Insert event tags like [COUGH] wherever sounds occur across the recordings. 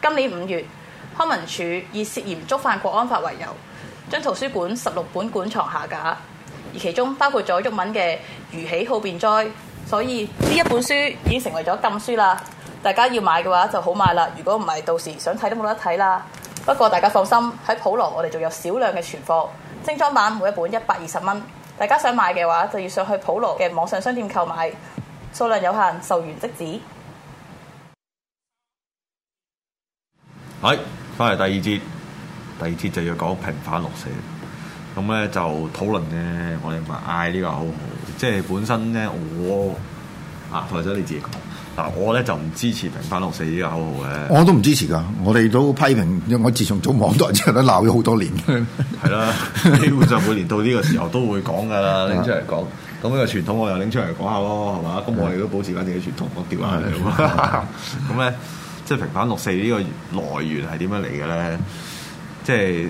今年五月，康文署以涉嫌觸犯國安法為由，將圖書館十六本館藏下架，而其中包括咗中文嘅《如喜好便哉》，所以呢一本書已經成為咗禁書啦。大家要買嘅話就好買啦，如果唔係到時想睇都冇得睇啦。不過大家放心，喺普羅我哋仲有少量嘅存貨，精裝版每一本一百二十蚊。大家想買嘅話，就要上去普羅嘅網上商店購買，數量有限，售完即止。係，翻嚟第二節，第二節就要講平反六四。咁咧就討論咧，我哋咪嗌呢個口號，即係本身咧我啊台姐你自己講，嗱我咧就唔支持平反六四呢個口號嘅。我都唔支持噶，我哋都批評，因為我自從做網台之後都鬧咗好多年。係啦吧， [LAUGHS] 基本上每年到呢個時候都會講噶啦，拎出嚟講。咁呢個傳統我又拎出嚟講下咯，係嘛？咁我哋都保持翻自己傳統我啲話嚟。咁咧。即係平反六四呢個來源係點樣嚟嘅咧？即係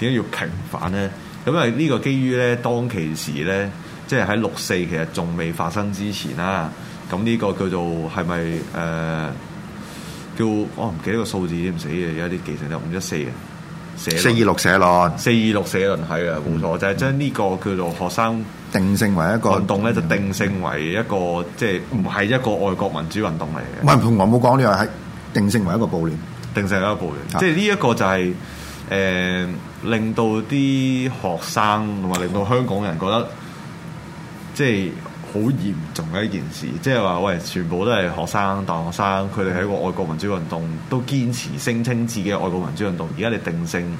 點解要平反咧？咁因為呢個基於咧當其時咧，即係喺六四其實仲未發生之前啦、啊。咁呢個叫做係咪誒叫我唔、哦、記得個數字點死嘅？有啲記成就五一四嘅。四二六社論，四二六社論係啊，冇錯、嗯、就係將呢個叫做學生定性為一個運動咧，就定性為一個即係唔係一個愛國民主運動嚟嘅。唔係，同我冇講呢個係。定性為一個暴亂，定性係一個暴亂，的即係呢一個就係、是、誒、呃、令到啲學生同埋令到香港人覺得 [LAUGHS] 即係好嚴重嘅一件事，即係話喂，全部都係學生、大學生，佢哋係一個愛國民主運動都堅持聲稱自己愛國民主運動，而家你定性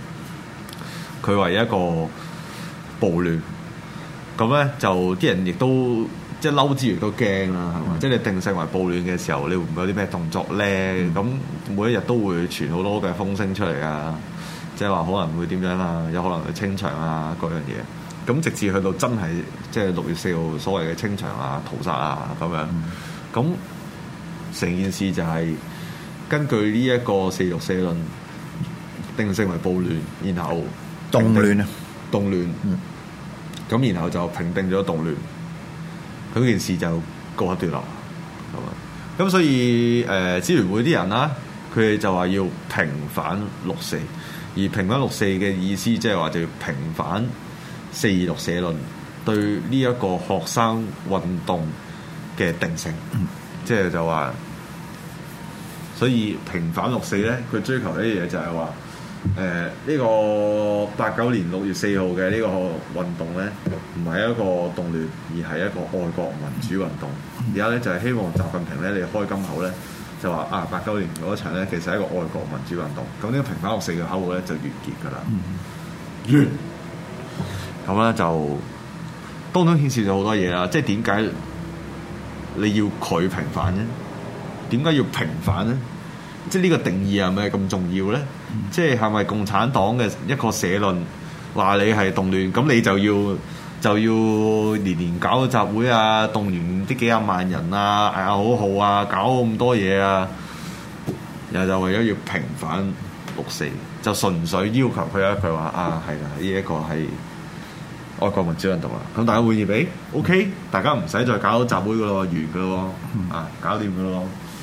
佢為一個暴亂，咁咧就啲人亦都。即係嬲之餘都驚啦，係嘛吧？即係你定性為暴亂嘅時候，你會唔會有啲咩動作咧？咁、嗯、每一日都會傳好多嘅風聲出嚟啊！即係話可能會點樣啊？有可能去清場啊，嗰樣嘢。咁直至去到真係，即係六月四號所謂嘅清場啊、屠殺啊咁樣。咁成件事就係根據呢一個四六四論定性為暴亂，然後動亂啊，動亂。動亂嗯。咁然後就平定咗動亂。佢件事就告一段落，係嘛？咁所以誒、呃，支聯會啲人啦，佢哋就話要平反六四，而平反六四嘅意思即係話就要平反四二六社論對呢一個學生運動嘅定性，即係、嗯、就話，所以平反六四咧，佢追求呢啲嘢就係話。誒呢、呃呢個八九年六月四號嘅呢個運動咧，唔係一個動亂，而係一個愛國民主運動。而家咧就係、係、希望習近平咧，你開金口咧，就話啊，八九年嗰場咧其實係一個愛國民主運動。咁呢個平反六四嘅口號咧就完結㗎啦。完。咁咧、嗯嗯、就當中顯示咗好多嘢啦。即係點解你要佢平反呢？點解要平反呢？即係呢個定義係咪咁重要咧？即係係咪共產黨嘅一個社論話你係動亂，咁你就要就要年年搞個集會啊，動員啲幾廿萬人啊，誒、哎、啊好好啊，搞咁多嘢啊，又就為咗要平反六四，就純粹要求佢啊，佢話啊係啦，呢、這、一個係愛國民主運動啊，咁大家滿意未？OK，嗯、大家唔使再搞集會嘅咯，完嘅咯，嗯、啊，搞掂嘅咯，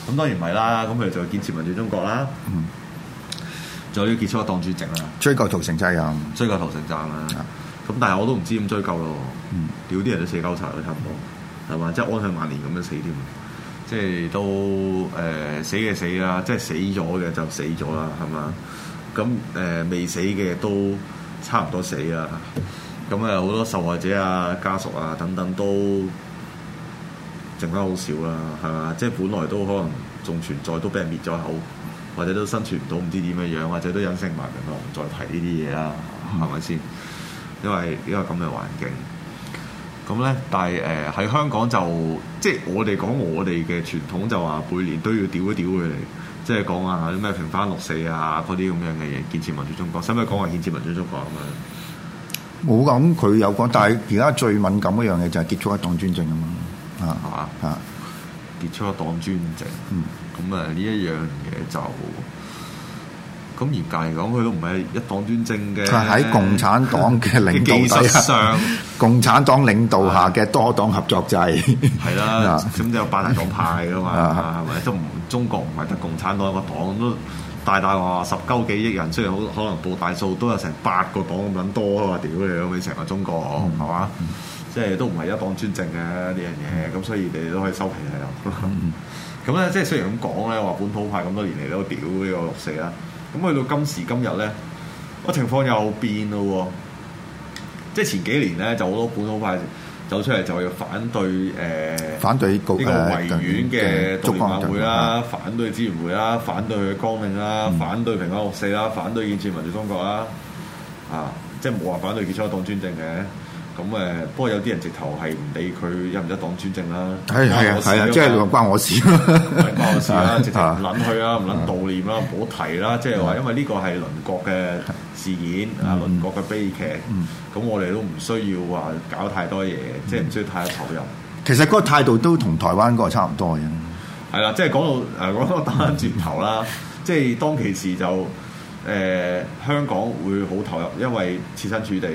咁當然唔係啦，咁佢就建設民主中國啦。嗯就要結束啊！當主席啦，追究屠城責任，嗯、追究屠城責任啦。咁是但係我都唔知點追究咯、嗯呃。嗯，屌啲人都死鳩晒啦，差唔多係嘛，即係安享晚年咁樣死添。即係都誒死嘅死啦，即係死咗嘅就死咗啦，係嘛？咁誒未死嘅都差唔多死啦。咁誒好多受害者啊、家屬啊等等都剩得好少啦，係嘛？即係本來都可能仲存在，都俾人滅咗口。或者都生存唔到，唔知點樣樣，或者都隱姓埋名咯，唔再提呢啲嘢啦，係咪先？因為因為咁嘅環境，咁咧，但係誒喺香港就即係我哋講我哋嘅傳統，就話每年都要屌一屌佢哋，即係講啊咩平反六四啊，嗰啲咁樣嘅嘢，建設民主中國，使唔使講話建設民主中國啊嘛？冇咁佢有講，但係而家最敏感一樣嘢就係結束一黨專政啊嘛，啊係嘛啊，啊啊結束一黨專政，嗯。咁啊，呢一樣嘢就咁嚴格嚟講，佢都唔係一黨專政嘅。係喺共產黨嘅領導、啊、上，共產黨領導下嘅多黨合作制係啦。咁就有八大黨派噶嘛，係咪？都唔中國唔係得共產黨 [LAUGHS] 一個黨，都大大話十鳩幾億人，雖然好可能報大數，都有成八個黨咁撚多啊，屌你啊！你成個中國係嘛？即係都唔係一黨專政嘅呢樣嘢，咁，所以你都可以收皮係啦。嗯咁咧，即係雖然咁講咧，話本土派咁多年嚟都屌呢個六四啦。咁去到今時今日咧，個情況又變咯。即係前幾年咧，就好多本土派走出嚟就係要反對誒，呃、反對呢、這個、個維園嘅祝願會啦，反對支援會啦，反對佢嘅光明啦，嗯、反對平安六四啦，反對建設民主中國啦。啊，即係冇話反對結束一黨專政嘅。咁誒，不過有啲人直頭係唔理佢一唔一黨專政啦。係係啊，係啊，即係話關我事，唔係關我事啦，直頭唔諗佢啦，唔諗悼念啦，唔好提啦。即係話，因為呢個係鄰國嘅事件啊，鄰國嘅悲劇，咁我哋都唔需要話搞太多嘢，即係唔需要太多投入。其實嗰個態度都同台灣嗰個差唔多嘅。係啦，即係講到誒，講到打翻轉頭啦，即係當其時就誒香港會好投入，因為設身處地。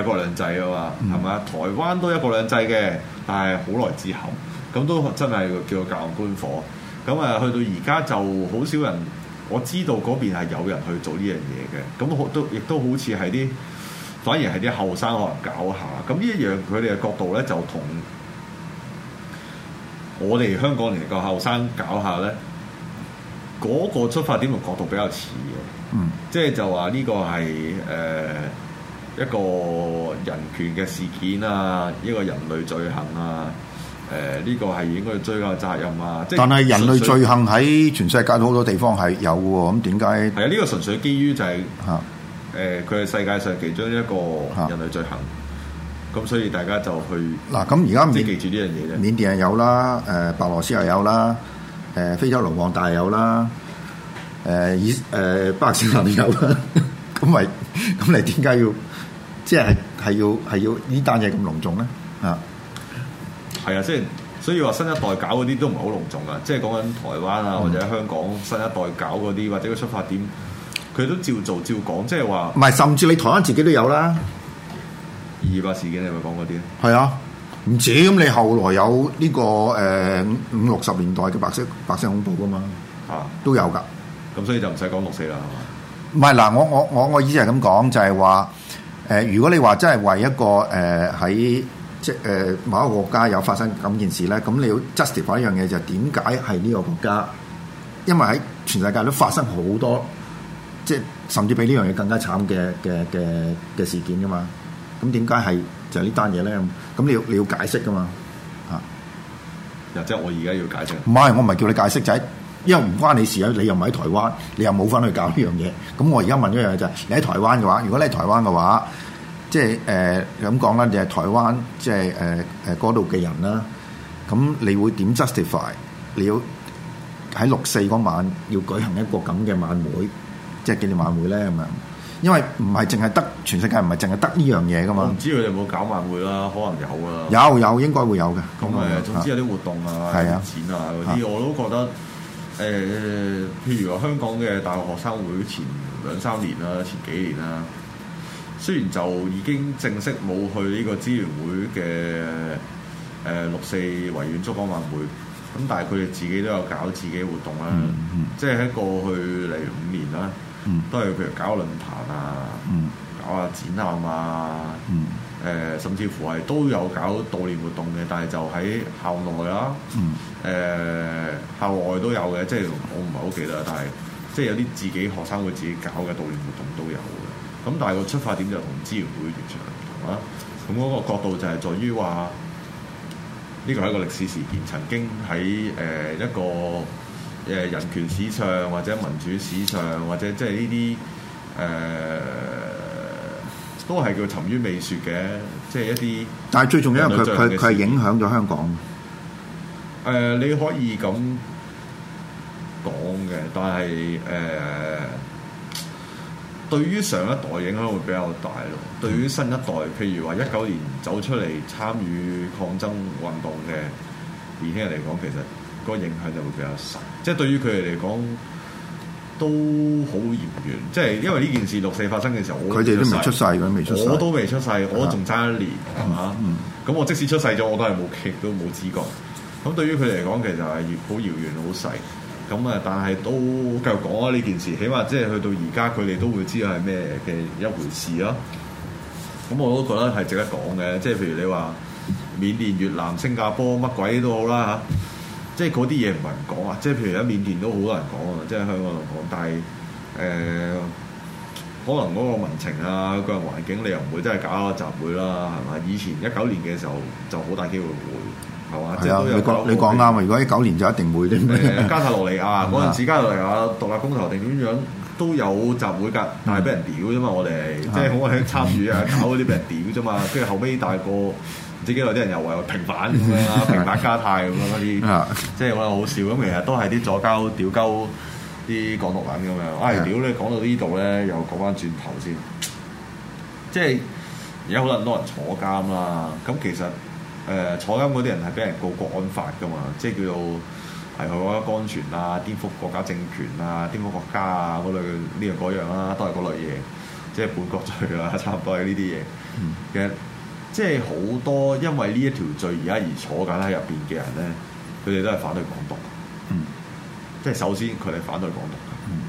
一國兩制啊嘛，係咪、嗯？台灣都一國兩制嘅，但係好耐之後，咁都真係叫隔岸觀火。咁啊，去到而家就好少人，我知道嗰邊係有人去做呢樣嘢嘅。咁好都亦都好似係啲，反而係啲後生可能搞下。咁呢一樣佢哋嘅角度咧，就同我哋香港人嘅後生搞下咧，嗰、那個出發點同角度比較似嘅。嗯、即係就話呢個係誒。呃一個人權嘅事件啊，一個人類罪行啊，誒、呃、呢、這個係應該追究責任啊！即但係人類罪行喺全世界好多地方係有喎，咁點解？係啊，呢、這個純粹基於就係嚇誒，佢、呃、係世界上其中一個人類罪行，咁所以大家就去嗱。咁而家唔記住呢樣嘢咧，緬甸又有啦，誒、呃、白羅斯又有啦，誒、呃、非洲盧旺達有啦，誒、呃、以誒巴西又有啦，咁咪咁你點解要？ [LAUGHS] [LAUGHS] 笑 [LAUGHS] 笑 [LAUGHS] [LAUGHS] 即係係要係要呢單嘢咁隆重咧啊！係啊，即係所以話新一代搞嗰啲都唔係好隆重啊！即係講緊台灣啊，嗯、或者香港新一代搞嗰啲，或者個出發點，佢都照做照講，即係話唔係，甚至你台灣自己都有啦。二二八事件你咪講嗰啲，係啊，唔知。咁，你後來有呢、這個誒五六十年代嘅白色白色恐怖噶嘛啊都有㗎，咁、啊、所以就唔使講六四啦，係嘛？唔係嗱，我我我我以前係咁講，就係、是、話。就是誒，如果你話真係為一個誒喺、呃、即誒、呃、某一個國家有發生咁件事咧，咁你要 justify 一樣嘢就係點解係呢個國家？因為喺全世界都發生好多即係甚至比呢樣嘢更加慘嘅嘅嘅嘅事件噶嘛。咁點解係就係呢單嘢咧？咁你，你要你要解釋噶嘛？嚇、啊！又即係我而家要解釋唔係我唔係叫你解釋就係、係。因為唔關你事啊，你又唔喺台灣，你又冇翻去搞呢樣嘢。咁我而家問一樣嘢就係，你喺台灣嘅話，如果你喺台灣嘅話，即係誒咁講啦，你係台灣即係誒誒嗰度嘅人啦。咁你會點 justify 你要喺六四嗰晚要舉行一個咁嘅晚會，即係紀念晚會咧？咁啊，因為唔係淨係得全世界唔係淨係得呢樣嘢噶嘛。唔知佢哋有冇搞晚會啦，可能有啊。有有應該會有嘅。咁誒應該，所以總之有啲活動啊，係啊、錢啊啲、啊，我都覺得。誒、呃，譬如話香港嘅大學學生會前兩三年啦，前幾年啦，雖然就已經正式冇去呢個支援會嘅誒、呃、六四維園燭光晚會，咁但係佢哋自己都有搞自己活動啦，即係喺過去嚟五年啦，嗯、都係譬如搞論壇啊，嗯、搞下展覽啊。嗯嗯。誒、呃、甚至乎係都有搞悼念活動嘅，但係就喺校內啦，誒、嗯呃、校外都有嘅，即係我唔係好記得，但係即係有啲自己學生會自己搞嘅悼念活動都有嘅。咁但係個出發點就同支援會完全唔同啦。咁、嗯、嗰、那個角度就係在於話，呢、這個係一個歷史事件，曾經喺誒、呃、一個誒人權史上或者民主史上或者即係呢啲誒。呃都係叫沉冤未雪嘅，即係一啲。但係最重要一樣，佢佢佢影響咗香港。誒、呃，你可以咁講嘅，但係誒、呃，對於上一代影響會比較大咯。對於新一代，譬如話一九年走出嚟參與抗爭運動嘅年輕人嚟講，其實個影響就會比較細。即係對於佢哋嚟講。都好遙遠，即係因為呢件事六四發生嘅時候，佢哋都唔未出世，我都未出，出世，我仲的差一年，係嘛？咁、嗯嗯、我即使出世咗，我都係冇劇都冇知覺。咁對於佢哋嚟講，其實係好遙遠、好細。咁啊，但係都繼續講啊呢件事，起碼即係去到而家，佢哋都會知道係咩嘅一回事咯。咁我都覺得係值得講嘅，即係譬如你話緬甸、越南、新加坡乜鬼都好啦嚇。即係嗰啲嘢唔係唔講啊！即係譬如喺緬甸都好多人講啊，即係香港人講，但係誒、呃、可能嗰個民情啊、個人環境，你又唔會真係搞集會啦，係咪？以前一九年嘅時候就好大機會會係嘛？係啊，你講你講啱啊！如果一九年就一定會啲咩、啊呃？加泰羅尼亞嗰陣時，加泰羅尼亞， [LAUGHS] 的羅尼亞獨立公投定點樣都有集會㗎，但係俾人屌啫嘛！我哋、嗯嗯、即係好興參與啊， [LAUGHS] 搞嗰啲俾人屌啫嘛，跟住後尾大個。自己有啲人又話平反咁樣啦， [LAUGHS] 平反加太咁樣嗰啲， [LAUGHS] 即係我覺得好笑。咁其實都係啲左膠、屌鳩啲港獨粉咁樣。哎，屌你講到呢度咧，又講翻轉頭先，即係而家好撚多人坐監啦。咁其實誒、呃、坐監嗰啲人係俾人告國安法噶嘛，即係叫做係國家安全啊、顛覆國家政權啊、顛覆國家啊嗰類呢樣嗰樣啦，都係嗰類嘢，即係叛國罪啦，差唔多係呢啲嘢嘅。 [LAUGHS] 即係好多因為呢一條罪而家而坐緊喺入邊嘅人咧，佢哋都係反對港獨。 [NOISE] 廣獨嗯，即係首先佢哋反對港獨。嗯，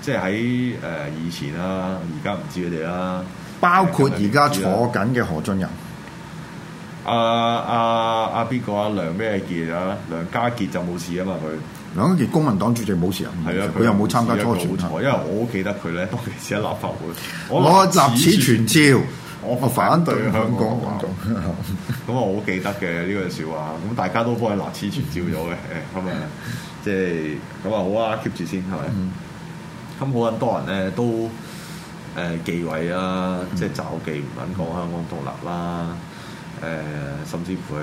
即係喺誒以前啦，而家唔知佢哋啦。包括而家坐緊嘅何俊仁、阿阿阿邊個阿梁咩傑、啊？啊梁，梁家傑就冇事啊嘛，佢梁家傑公民黨主席冇事，事 [NOISE] 啊？係啊，佢又冇參加初選啊。因為我好記得佢咧，當其時喺立法會攞集此傳召詞。全我反對香港運動，咁 [LAUGHS] 我好記得嘅呢個説話，咁大家都幫佢立黐傳照咗嘅、 [LAUGHS] 嗯，咁啊即係咁啊好啊，keep 住先係咪？咁好、嗯嗯、多人咧都誒、呃、忌諱啊，即係就忌唔肯講香港獨立啦，誒、呃、甚至乎係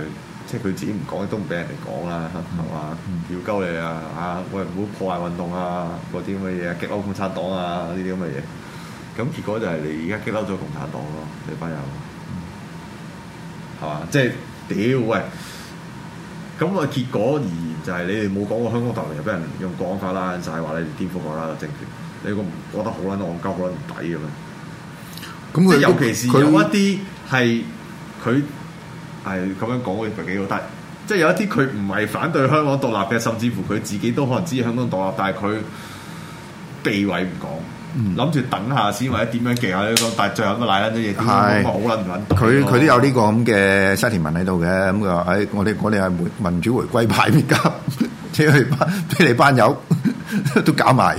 即係佢自己唔講都唔俾人哋講啦，係嘛、嗯？要鳩你啊啊！喂，唔好破壞運動啊！嗰啲咁嘅嘢激嬲共產黨啊呢啲咁嘅嘢。咁結果就係你而家激嬲咗共產黨咯，你班友，係嘛、嗯？即係屌喂！咁個結果而言就係你哋冇講過香港獨立，又俾人用講法啦，就係話你哋顛覆國家政權，你覺唔覺得好撚戇鳩，好撚唔抵咁樣？咁佢尤其是有一啲係佢係咁樣講嘅，唔幾好。但即係有一啲佢唔係反對香港獨立嘅，甚至乎佢自己都可能知香港獨立，但係佢避位唔講。諗住等下先或者點樣記下呢個，大象最後都賴緊嘢，點是樣都冇佢佢都有呢個咁嘅沙田文喺度嘅，咁佢話：誒、哎，我哋我哋係民主回歸派邊家，即係班即係班友都搞埋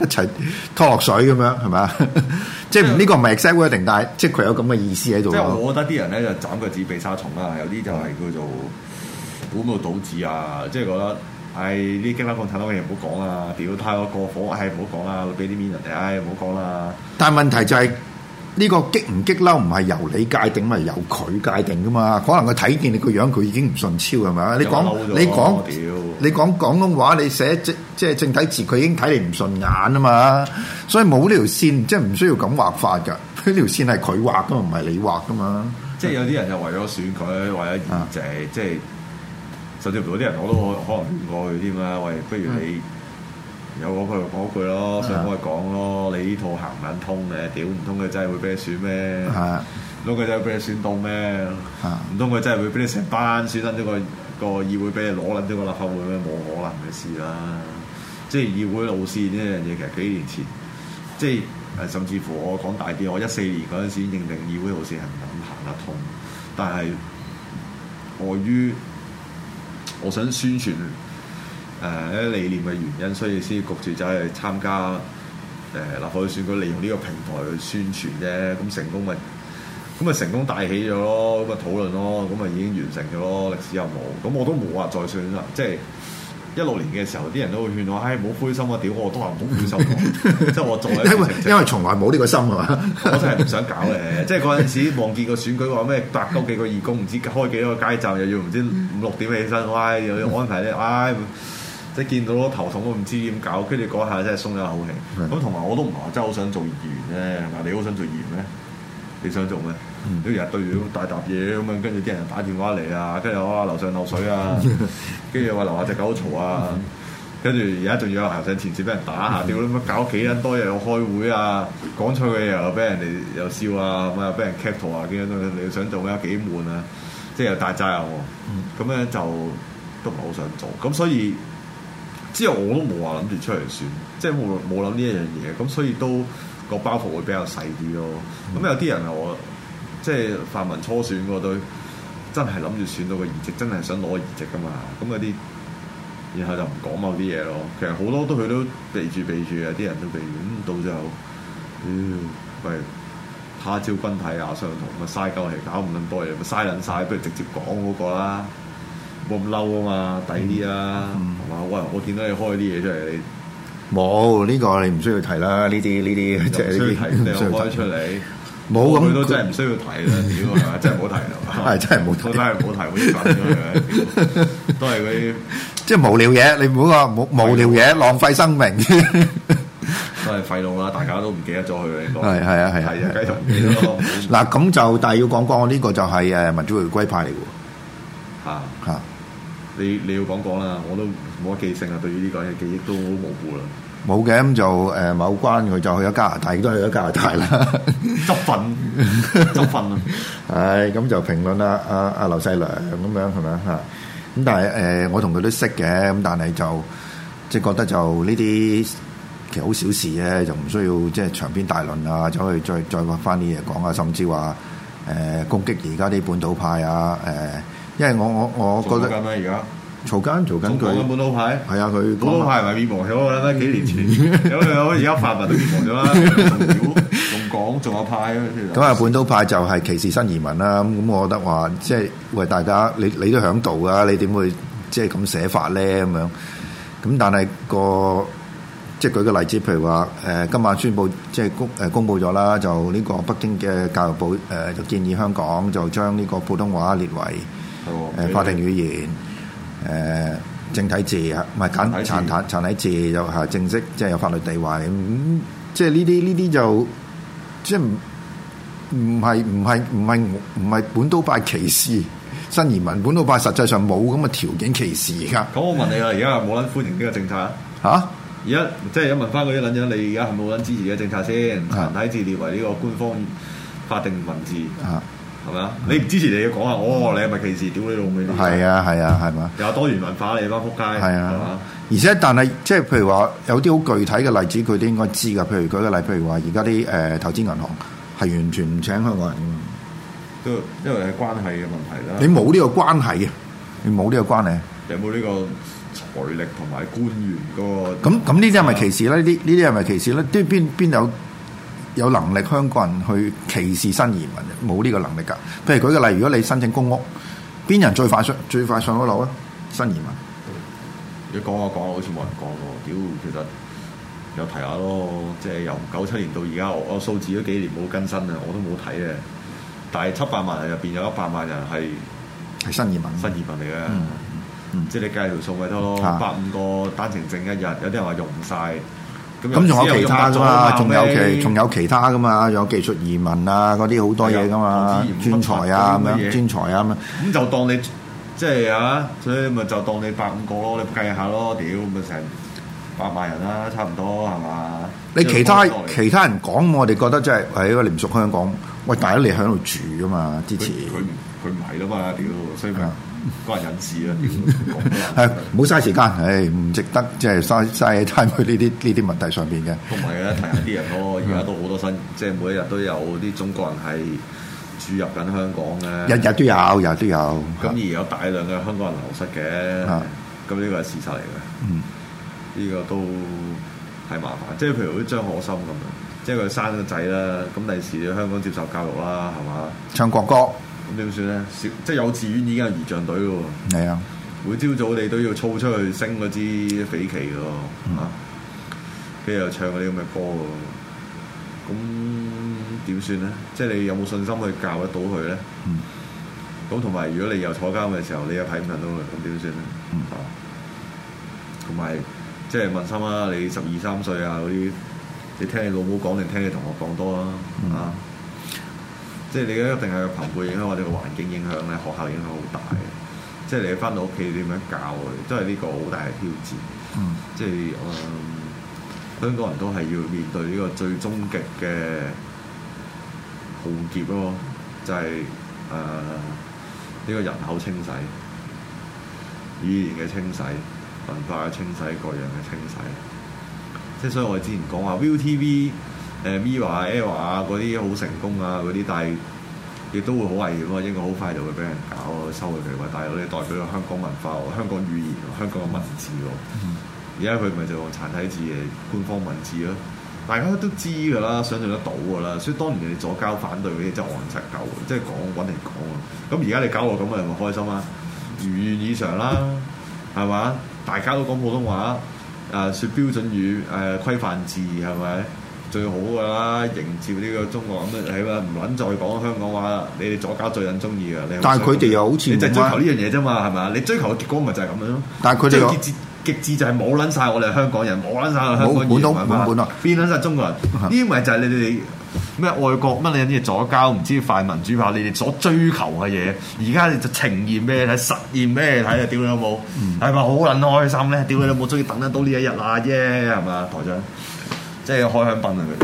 一齊拖落水咁樣，係嘛為是？即係呢個唔係 exactly 但係即係佢有咁嘅意思喺度、嗯。即我覺得啲人咧就斬腳趾避沙蟲啦，有啲就係、是嗯、叫做本末倒置啊，即、就、係、是、覺得。係呢、哎、激嬲共產黨嘅嘢唔好講啊！表態太過火，唉唔好講啊！俾啲面人哋，唉唔好講啦。但係問題就係、是、呢、這個激唔激嬲，唔係由你界定，咪、就是、由佢界定㗎嘛？可能佢睇見你個樣，佢已經唔順超係咪啊？你講你講你講廣東話，你寫即即係正體字，佢已經睇你唔順眼啊嘛！所以冇呢條線，即係唔需要咁畫法㗎。呢條線係佢畫㗎，唔係你畫㗎嘛？即係有啲人就為咗選舉，為咗政治，即係、啊啊。甚至乎啲人我都可可能勸過佢添啦。喂，不如你有嗰句講嗰句咯，上台講咯。你呢套行唔撚通嘅，屌唔通佢真係會俾你選咩？唔通佢真係俾你選到咩？唔通佢真係會俾你成班選撚咗個個議會俾你攞撚咗個立法會咩？冇可能嘅事啦。即係議會路線呢樣嘢，其實幾年前，即係甚至乎我講大啲，我一四年嗰陣時認定議會路線係唔敢行得通，但係礙於。我想宣傳誒一、呃、理念嘅原因，所以先焗住走去參加誒、呃、立法會選舉，利用呢個平台去宣傳啫。咁成功咪咁咪成功大起咗咯，咁咪討論咯，咁咪已經完成咗咯，歷史任務。咁我都冇話再選啦，即係。一六年嘅時候，啲人都會勸我，唉、哎，唔好灰心啊！屌，我都話唔好灰心，即係我仲咧。因為因為從來冇呢個心啊嘛！ [LAUGHS] 我真係唔想搞咧。即係嗰陣時望見個選舉話咩，百鳩幾個義工，唔知開幾多個街站，又要唔知五六點起身，唉、哎，又要安排咧，唉、哎，即係見到啊頭痛，都唔知點搞。跟住嗰下真係鬆咗口氣。咁同埋我都唔係話真係好想做議員咧。嗱，你好想做議員咩？你想做咩？都日、嗯、對住咁大沓嘢咁樣，跟住啲人打電話嚟啊，跟住我樓上漏水啊，跟住話樓下隻狗嘈啊，跟住而家仲要行上前線俾人打下，屌乜、嗯、搞幾多日又開會啊，講錯嘢又俾人哋又笑啊，咁又俾人 cap 圖啊，咁樣你想做咩？幾悶啊！即係大責啊。喎、嗯，咁咧就都唔係好想做。咁所以之後我都冇話諗住出嚟算，即係冇冇諗呢一樣嘢。咁所以都。個包袱會比較細啲咯，咁、嗯、有啲人我即係泛民初選嗰隊，真係諗住選到個議席，真係想攞議席噶嘛，咁嗰啲，然後就唔講某啲嘢咯。其實好多都佢都避住避住有啲人都避住，咁、嗯、到最後，喂，他朝君體啊，相同咪嘥鳩氣，搞唔撚多嘢，咪嘥撚晒，不如直接講嗰個啦，冇咁嬲啊嘛，抵啲啊，係嘛、啊嗯嗯？喂，我見到你開啲嘢出嚟。你冇呢個你唔需要提啦，呢啲呢啲即係呢啲。需要提你開出嚟，冇咁佢都真係唔需要提啦，屌啊！真係唔好提啦，係真係唔好端係唔好提嗰啲份，都係嗰啲即係無聊嘢，你唔好話冇無聊嘢，浪費生命，都係廢腦啦！大家都唔記得咗佢哋講，係係啊係係啊，雞同蛋咯。嗱咁就，但係要講講，呢個就係誒民主回歸派嚟嘅。你你要講講啦，我都冇記性啊，對於呢個嘢記憶都好模糊啦。冇嘅咁就誒某關佢就去咗加拿大，亦都去咗加拿大啦。執訓執訓啊！係咁就評論啊啊啊劉世良咁樣係咪啊？咁但係誒我同佢都識嘅，咁但係就即係覺得就呢啲其實好小事啫，就唔需要即係長篇大論啊，走去再再挖翻啲嘢講啊，甚至話誒攻擊而家啲本土派啊誒。因為我我我覺得而家嘈緊嘈緊佢，係啊，佢本土派咪滅亡咗？我覺得幾年前有有而家發文都滅亡咗啦，仲講仲有派啊！咁啊，本土派就係歧視新移民啦。咁我覺得話即係喂，大家你你都響度啊？你點會即係咁寫法咧？咁樣咁但係個即係舉個例子，譬如話誒，今晚宣布即係公誒公佈咗啦，就呢個北京嘅教育部誒就建議香港就將呢個普通話列為誒、嗯，法定語言誒，正、呃、體字啊，唔係簡簡體簡體字又係正式，即係有法律地位。咁、嗯、即係呢啲呢啲就即係唔唔係唔係唔係唔係本土派歧視新移民，本土派實際上冇咁嘅條件歧視噶。咁我問你啦，而家有冇人歡迎呢個政策啊？啊，而家即係有問翻嗰啲捻樣，你而家係冇人支持嘅政策先？簡體字列為呢個官方法定文字啊？啊係咪啊？你唔支持，你要講啊！哦，你係咪歧視？屌你老味！係啊係啊係嘛！又有多元文化，你班撲街係啊！而且但係即係譬如話有啲好具體嘅例子佢哋應該知㗎。譬如舉個例，譬如話而家啲誒投資銀行係完全唔請香港人嘅，都因為係關係嘅問題啦。你冇呢個關係嘅，你冇呢個關係，有冇呢個財力同埋官員嗰個？咁咁呢啲係咪歧視咧？呢啲呢啲係咪歧視咧？即係邊邊有，有能力香港人去歧視新移民，冇呢個能力㗎。譬如舉個例，如果你申請公屋，邊人最快上最快上到樓啊？新移民。你講下講下，好似冇人講喎。屌，其實有提下咯。即係由九七年到而家，我數字都幾年冇更新啊，我都冇睇啊。但係七百萬入邊有一百萬人係係新移民，新移民嚟嘅。嗯嗯、即係你計條數咪得咯，百五、嗯、個單程證一日，有啲人話用唔曬。咁仲、嗯、有其他噶嘛？仲有其仲有其他噶嘛？仲有，有，有技術移民啊，嗰啲好多嘢噶嘛？哎啊、專才啊咁樣，專才啊咁樣。咁就當你即係、就是、啊，所以咪就當你百五個咯，你計下咯，屌咪成百萬人啦、啊，差唔多係嘛？你其他其他人講，我哋覺得即係係因為你唔熟香港，喂，但係你喺度住噶嘛？之前佢唔佢唔係啦嘛，屌所以。個人隱私啊，係唔好嘥時間，唉、哎，唔值得，即係嘥嘥嘥喺呢啲呢啲問題上邊嘅。同埋咧，睇下啲人咯，而家、 [LAUGHS] 嗯、都好多新，即係每一日都有啲中國人係注入緊香港嘅。日日都有，日日都有。咁而有大量嘅香港人流失嘅，咁呢個係事實嚟嘅。嗯，呢個都係麻煩，即係譬如好似張可心咁樣，即係佢生咗仔啦，咁第時香港接受教育啦，係嘛？唱國歌。咁點算咧？即係幼稚園已經有儀仗隊咯，係啊！ [NOISE] 每朝早你都要操出去升嗰支匪旗嘅，嚇、嗯，跟住、啊、又唱嗰啲咁嘅歌嘅。咁點算咧？即係你有冇信心去教得到佢咧？咁同埋，如果你又坐監嘅時候，你又睇唔睇到佢，咁點算咧？嚇、嗯！同埋、啊、即係問心啦，你十二三歲啊嗰啲，你聽你老母講定聽你同學講多啊？啊。即係你一定係朋輩影響，或者個環境影響咧，學校影響好大嘅。即係你翻到屋企點樣教，都係呢個好大嘅挑戰。嗯、即係誒、呃，香港人都係要面對呢個最終極嘅浩劫咯，就係誒呢個人口清洗、語言嘅清洗、文化嘅清洗、各樣嘅清洗。即係所以我哋之前講話 Viu TV。誒 Mirror 啊、Error 啊嗰啲好成功啊嗰啲，但係亦都會好危險喎，應該好快就會俾人搞收佢哋，話大陸你代表咗香港文化、香港語言、香港嘅文字喎。而家佢咪就用殘體字嘅官方文字咯，大家都知㗎啦，想象得到㗎啦。所以當年你左膠反對嗰啲真係戇柒狗，即係講揾嚟講啊。咁而家你搞落咁啊，係咪開心啊？如願以償啦，係嘛？大家都講普通話，誒説標準語，誒、呃、規範字係咪？最好噶、啊、啦，迎接呢個中國咁啊，係嘛？唔撚再講香港話，你哋左交最撚中意啊！你但係佢哋又好似你就追求呢樣嘢啫嘛，係嘛？你追求嘅結果咪就係咁樣咯、啊。但係佢哋極致就係冇撚晒我哋香港人冇撚晒香港本嘢啊嘛。變撚曬中國人，呢啲咪就係你哋咩外國乜你啲嘢左交，唔知泛民主派，你哋所追求嘅嘢，而家就呈現俾你睇，實現俾你睇啊？屌你老母，係咪好撚開心咧？屌你老母，終於等得到呢一日啦啫，係嘛，台長。即係開香檳啊！佢哋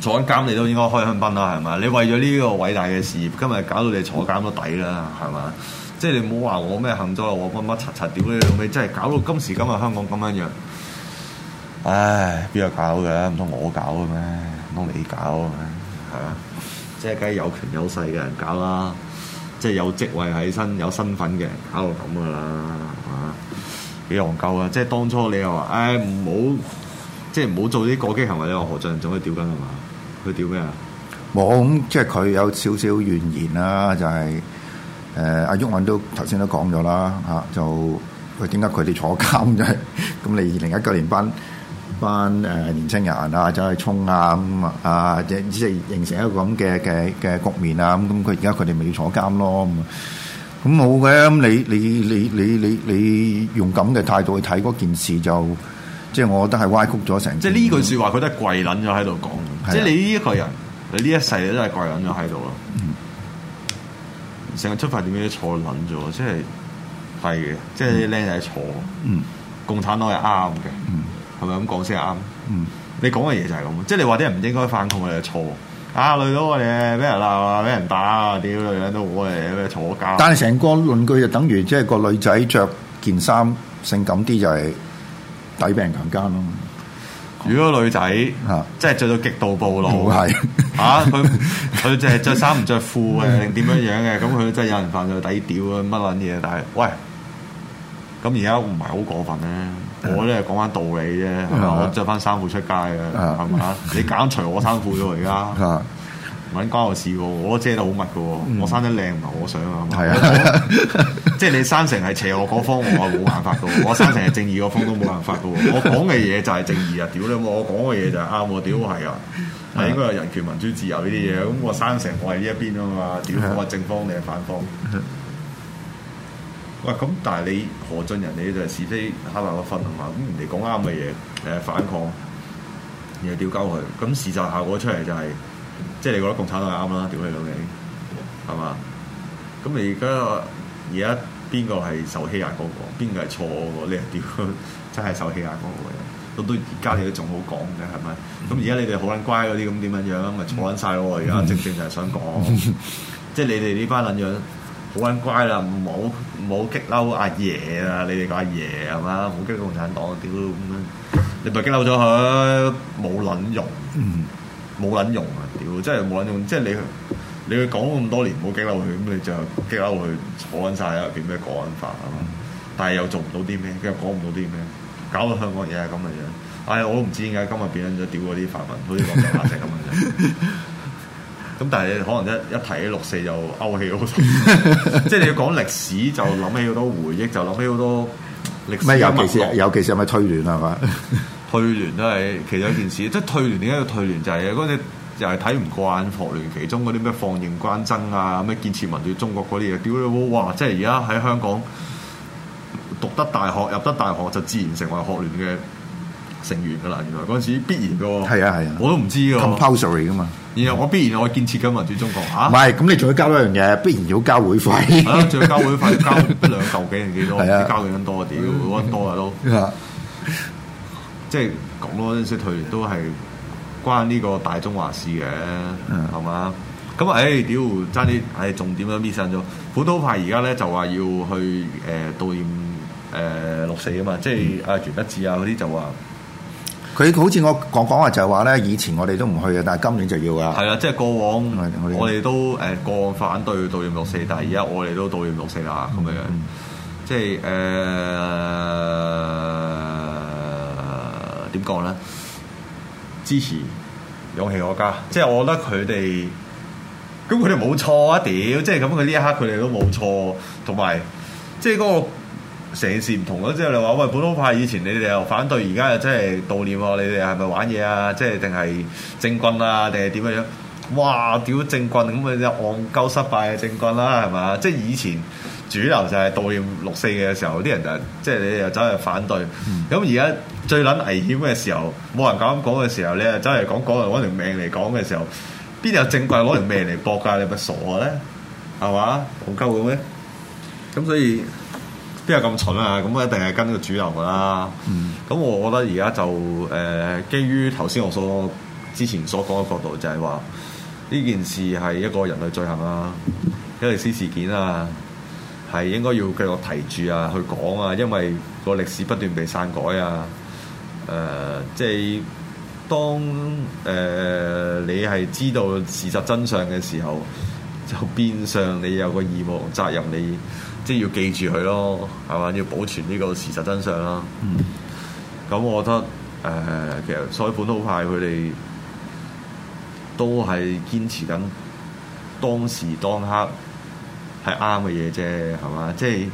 坐監你都應該開香檳啦，係咪？你為咗呢個偉大嘅事業，今日搞到你坐監都抵啦，係嘛？即係你唔好話我咩幸災啊，我乜乜柒柒屌你，咁，你真係搞到今時今日香港咁樣樣。唉，邊個搞嘅？唔通我搞嘅咩？唔通你搞嘅咩？係啊，即係梗係有權有勢嘅人搞啦，即係有職位喺身、有身份嘅人搞到咁嘅啦，係嘛，幾戇鳩啊！即係當初你又話，唉，唔好。即係唔好做啲過激行為咧，何俊仁仲喺度屌緊係嘛？佢屌咩啊？冇咁，即係佢有少少怨言啦，就係誒阿旭文都頭先都講咗啦嚇，就佢點解佢哋坐監啫？咁你二零一九年班班誒年青人啊，走去衝啊咁啊啊，即係形成一個咁嘅嘅嘅局面啊咁，咁佢而家佢哋咪要坐監咯咁啊？咁冇嘅，咁你你你你你你用咁嘅態度去睇嗰件事就。即係我覺得係歪曲咗成，即係呢句説話，佢都係跪撚咗喺度講。啊、即係你呢一個人，你呢一世都係跪撚咗喺度咯。成日、嗯、出發點樣錯撚咗？即係係嘅，即係啲僆仔錯。嗯、共產黨係啱嘅，係咪咁講先係啱？是是嗯、你講嘅嘢就係咁。即係你話啲人唔應該反抗，錯，係錯。啊，累到我哋俾人鬧，俾人打，啲女人都我哋坐監。但係成個論據就等於即係個女仔着件衫性感啲就係、是。抵病強奸咯！如果女仔，即係着到極度暴露，係不是 [LAUGHS] 啊，佢佢淨係着衫唔着褲定點樣樣嘅？咁佢真係有人犯咗抵屌啊乜撚嘢！但係喂，咁而家唔係好過分咧，我咧講翻道理啫，我着翻衫褲出街嘅，係咪 [LAUGHS] 你揀除我衫褲咗而家。 [LAUGHS] 揾關我事喎，我都遮得好密嘅喎、嗯。我生得靚唔係我想啊嘛，即係你生成係邪惡嗰方，我係冇辦法嘅。我生成係正義嗰方都冇辦法嘅。我講嘅嘢就係正義啊！屌你我講嘅嘢就係啱我屌係啊，係、啊啊啊、應該係人權、民主、自由呢啲嘢。咁、嗯嗯、我生成我係呢一邊啊嘛。屌，我係正方，你係反方。喂、啊，咁、啊、但係你何俊仁，你就是非黑白不分啊嘛？咁人哋講啱嘅嘢，誒反抗，然後屌鳩佢。咁事實效果出嚟就係、是。即係你覺得共產黨啱啦，屌你老味，係嘛？咁你而家而家邊個係受欺壓嗰個？邊個係錯喎？你係屌，真係受欺壓嗰個人。到到而家你都仲好講嘅係咪？咁而家你哋好撚乖嗰啲咁點樣樣，咪錯撚晒咯？而家正正就係想講，即係你哋呢班撚樣好撚乖啦，唔好唔好激嬲阿爺啊！你哋個阿爺係嘛？唔好激共產黨，屌咁樣，你咪激嬲咗佢，冇撚用。冇撚用啊！屌，真係冇撚用！即係你，你去講咁多年，冇激嬲佢，咁你就激嬲佢，坐撚曬入邊咩講法嘛，但係又做唔到啲咩，又講唔到啲咩，搞到香港嘢係咁嘅樣。唉、哎，我都唔知點解今日變咗屌啲法文好似講法文咁嘅樣。咁但係可能一一提六四就勾起好多，即係 [LAUGHS] [LAUGHS] 你要講歷史就諗起好多回憶，就諗起好多歷史咩？尤其是尤其是係咪推斷係嘛？ [LAUGHS] [LAUGHS] 退聯都係，其實一件事，即係退聯點解要退聯？就係嗰隻又係睇唔慣學聯其中嗰啲咩放認關爭啊，咩建設民主中國嗰啲嘢，屌你老母，嘩！即係而家喺香港讀得大學入得大學就自然成為學聯嘅成員噶啦，原來嗰陣時必然嘅喎。啊係啊，啊我都唔知喎。Compulsory 噶嘛，然後我必然我建設緊民主中國嚇。唔、啊、係，咁你仲要交多樣嘢，必然要交會費。仲、 [LAUGHS] 啊、要交會費，交兩嚿幾定幾多？交、啊、幾多幾多，多？屌，嗰個多啊都。多即係講多啲退佢都係關呢個大中華事嘅，係嘛、嗯？咁啊，唉、哎、屌，爭啲，唉、哎、重點都搣散咗。本土派而家咧就話要去誒悼念誒六四啊嘛，即係、嗯、啊全德志啊嗰啲就話，佢好似我講講話就係話咧，以前我哋都唔去嘅，但係今年就要啊。係啊、嗯，即係過往我哋都誒過、呃、反對悼念六四，但係而家我哋都悼念六四啦，咁樣樣、嗯嗯嗯，即係誒。呃點講咧？支持勇氣我家，即係我覺得佢哋，咁佢哋冇錯啊！屌，即係咁佢呢一刻佢哋都冇錯，同埋即係嗰個成件事唔同啦。即係你話喂，本土派以前你哋又反對，而家又真係悼念喎。你哋係咪玩嘢啊？即係定係政棍啊？定係點嘅樣？哇！屌政棍咁啊，戇鳩失敗嘅政棍啦，係嘛？即係以前主流就係悼念六四嘅時候，啲人就係、即係你哋又走去反對，咁而家。最撚危險嘅時候，冇人敢咁講嘅時候，你啊走嚟講講攞條命嚟講嘅時候，邊有正規攞條命嚟搏㗎，啊？你咪傻嘅咧，係嘛？好鳩嘅咩？咁所以邊有咁蠢啊？咁一定係跟個主流㗎啦。咁、嗯、我覺得而家就誒、呃，基於頭先我所之前所講嘅角度就，就係話呢件事係一個人類罪行啊，有類似事件啊，係應該要繼續提住啊，去講啊，因為個歷史不斷被篡改啊。誒、呃，即係當誒、呃、你係知道事實真相嘅時候，就變相你有個義務同責任你，你即係要記住佢咯，係嘛？要保存呢個事實真相咯。咁、嗯嗯、我覺得誒、呃，其實所有本土派佢哋都係堅持緊當時當刻係啱嘅嘢啫，係嘛？即係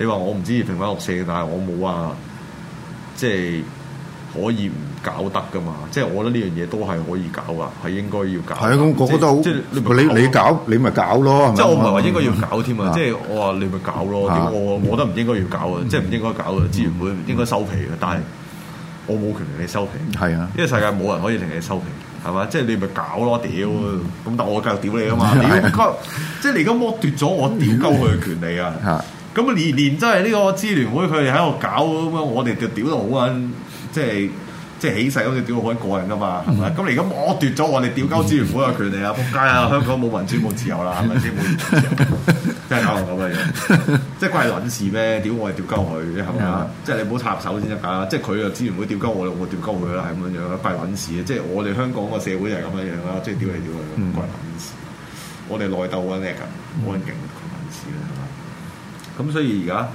你話我唔支持平反六四，但係我冇啊。即係可以唔搞得噶嘛？即係我覺得呢樣嘢都係可以搞啊，係應該要搞。係啊，我覺得好。你你搞你咪搞咯，即係我唔係話應該要搞添啊！即係我話你咪搞咯。點我我覺得唔應該要搞啊！即係唔應該搞啊！資源會應該收皮嘅，但係我冇權力令你收皮。係啊，因為世界冇人可以令你收皮，係嘛？即係你咪搞咯，屌！咁但我繼續屌你啊嘛！即係你而家剝奪咗我屌鳩佢嘅權利啊！咁啊年年真係呢個支聯會佢哋喺度搞咁樣，我哋就屌到好撚，即係即係起勢咁樣屌到好撚過人噶嘛，係咪、mm？咁你而家剝奪咗我哋屌鳩支聯會嘅權利啊！仆街啊！香港冇民主冇自由啦，係咪先？冇民主，即係搞到咁嘅樣，即係關係撚事咩？屌我係屌鳩佢，係咪啊？即係你唔好插手先得㗎，即係佢又支聯會屌鳩我，我屌鳩佢啦，係咁樣樣，關係撚事，即係我哋香港個社會就係咁樣樣啦，即係屌你屌佢關撚事。我哋內鬥緊你，冇人認關撚事啦。Mm hmm. 咁、嗯、所以而家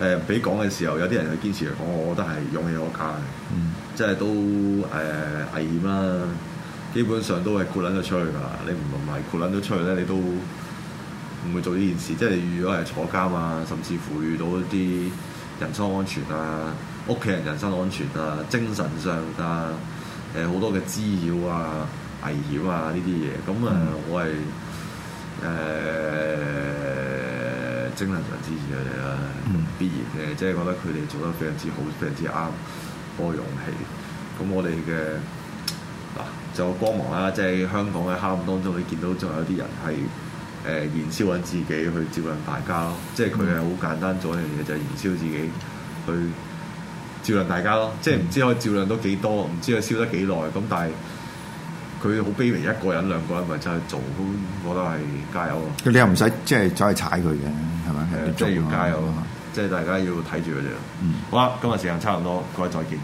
誒俾講嘅時候，有啲人去堅持嚟講，我覺得係勇氣可嘉嘅，嗯、即係都誒、呃、危險啦、啊。基本上都係豁撚咗出去㗎啦，你唔係豁撚咗出去咧，你都唔會做呢件事。即係如果係坐監啊，甚至乎遇到啲人身安全啊、屋企人人身安全啊、精神上啊、誒、呃、好多嘅滋擾啊、危險啊呢啲嘢，咁啊、嗯嗯嗯，我係誒。呃呃精神上支持佢哋啦，必然嘅，即係覺得佢哋做得非常之好，非常之啱，個勇氣。咁我哋嘅嗱，就光芒啦，即係香港嘅黑暗當中，你見到仲有啲人係、呃、燃燒緊自己去照亮大家咯，即係佢係好簡單做一樣嘢，就係、是、燃燒自己去照亮大家咯，即係唔知可以照亮到幾多，唔、嗯、知佢燒得幾耐，咁但係。佢好卑微，一個人、兩個人咪走去做，我都係加油。你又唔使即係走去踩佢嘅，係咪？誒，即係要加油，即係大家要睇住佢哋。嗯，好啦、啊，今日時間差唔多，各位再見。